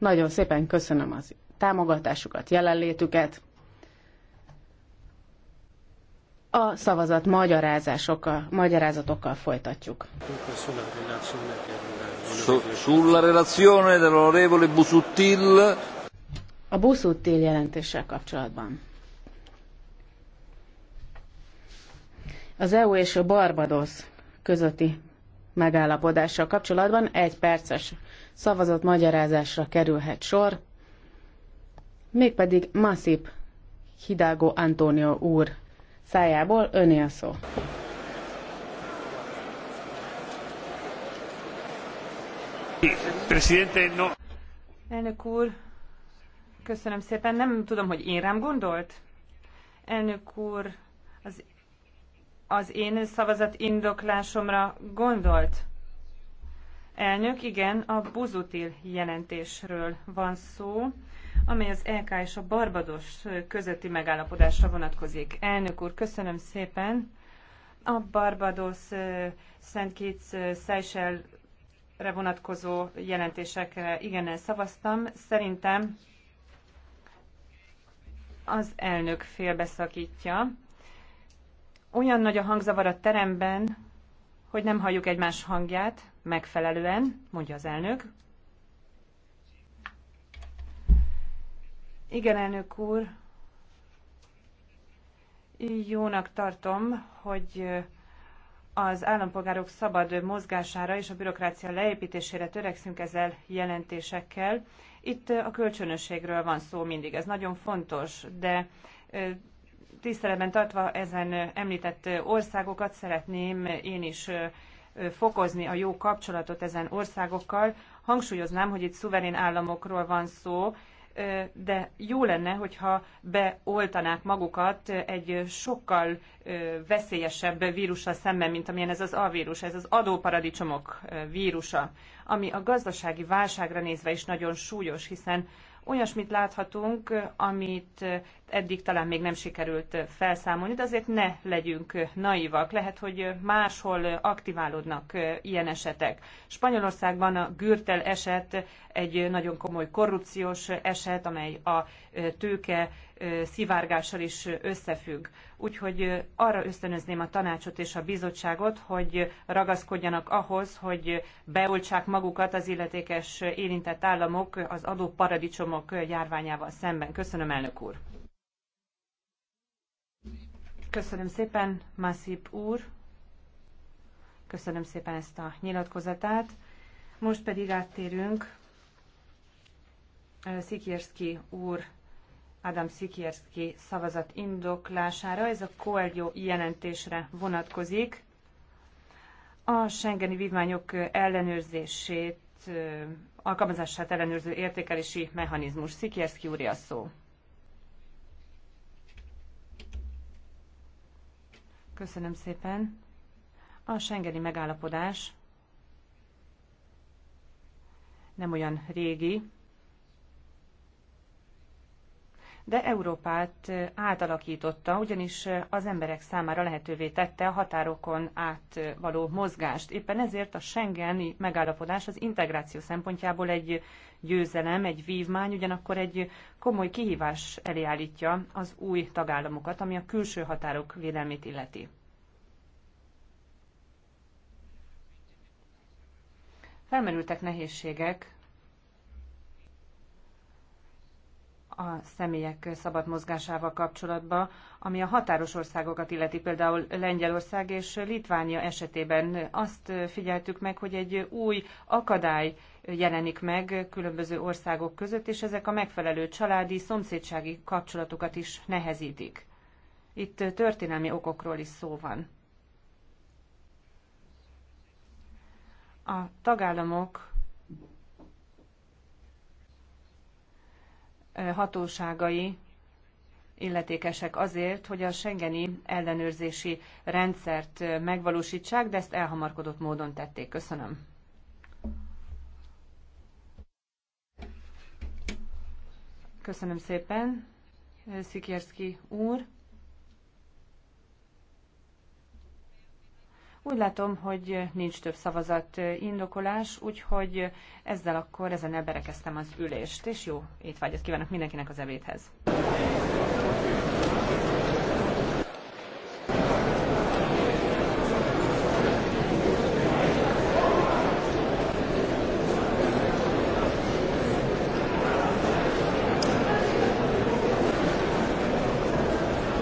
Nagyon szépen köszönöm az támogatásukat, jelenlétüket. A szavazat magyarázásokkal, magyarázatokkal folytatjuk. Sulla relazione dell'onorevole Busuttil. A Busuttil jelentéssel kapcsolatban. Az EU és a Barbados közötti megállapodással kapcsolatban egy perces szavazat magyarázásra kerülhet sor, mégpedig Masip Hidágo Antonio úr szájából öné a szó. Elnök úr, köszönöm szépen. Nem tudom, hogy én rám gondolt. Elnök úr, az az én szavazat indoklásomra gondolt? Elnök, igen, a Buzutil jelentésről van szó, amely az LK és a Barbados közötti megállapodásra vonatkozik. Elnök úr, köszönöm szépen. A Barbados Szent Kitts Seychelles re vonatkozó jelentésekre igennel szavaztam. Szerintem az elnök félbeszakítja. Olyan nagy a hangzavar a teremben, hogy nem halljuk egymás hangját megfelelően, mondja az elnök. Igen, elnök úr, jónak tartom, hogy az állampolgárok szabad mozgására és a bürokrácia leépítésére törekszünk ezzel jelentésekkel. Itt a kölcsönösségről van szó mindig, ez nagyon fontos, de tiszteletben tartva ezen említett országokat szeretném én is fokozni a jó kapcsolatot ezen országokkal. Hangsúlyoznám, hogy itt szuverén államokról van szó, de jó lenne, hogyha beoltanák magukat egy sokkal veszélyesebb vírussal szemben, mint amilyen ez az A vírus, ez az adóparadicsomok vírusa, ami a gazdasági válságra nézve is nagyon súlyos, hiszen olyasmit láthatunk, amit eddig talán még nem sikerült felszámolni, de azért ne legyünk naivak. Lehet, hogy máshol aktiválódnak ilyen esetek. Spanyolországban a Gürtel eset egy nagyon komoly korrupciós eset, amely a tőke szivárgással is összefügg. Úgyhogy arra ösztönözném a tanácsot és a bizottságot, hogy ragaszkodjanak ahhoz, hogy beoltsák magukat az illetékes érintett államok az adóparadicsomok járványával szemben. Köszönöm, elnök úr! Köszönöm szépen, Masip úr! Köszönöm szépen ezt a nyilatkozatát. Most pedig áttérünk Szikierszki úr Adam Szikierszki szavazat indoklására. Ez a Koelgyó jelentésre vonatkozik. A Schengeni vívmányok ellenőrzését, alkalmazását ellenőrző értékelési mechanizmus. Szikierszki úr a szó. Köszönöm szépen. A Schengeni megállapodás nem olyan régi, de Európát eh, átalakította, ugyanis eh, az emberek számára lehetővé tette a határokon át eh, való mozgást. Éppen ezért a Schengeni megállapodás az integráció szempontjából egy győzelem, egy vívmány, ugyanakkor egy komoly kihívás elé állítja az új tagállamokat, ami a külső határok védelmét illeti. Felmerültek nehézségek a személyek szabad mozgásával kapcsolatban, ami a határos országokat illeti, például Lengyelország és Litvánia esetében. Azt figyeltük meg, hogy egy új akadály jelenik meg különböző országok között, és ezek a megfelelő családi, szomszédsági kapcsolatokat is nehezítik. Itt történelmi okokról is szó van. A tagállamok hatóságai illetékesek azért, hogy a Schengeni ellenőrzési rendszert megvalósítsák, de ezt elhamarkodott módon tették. Köszönöm. Köszönöm szépen, Szikierszki úr. Úgy látom, hogy nincs több szavazat indokolás, úgyhogy ezzel akkor ezen elberekeztem az ülést, és jó étvágyat kívánok mindenkinek az ebédhez.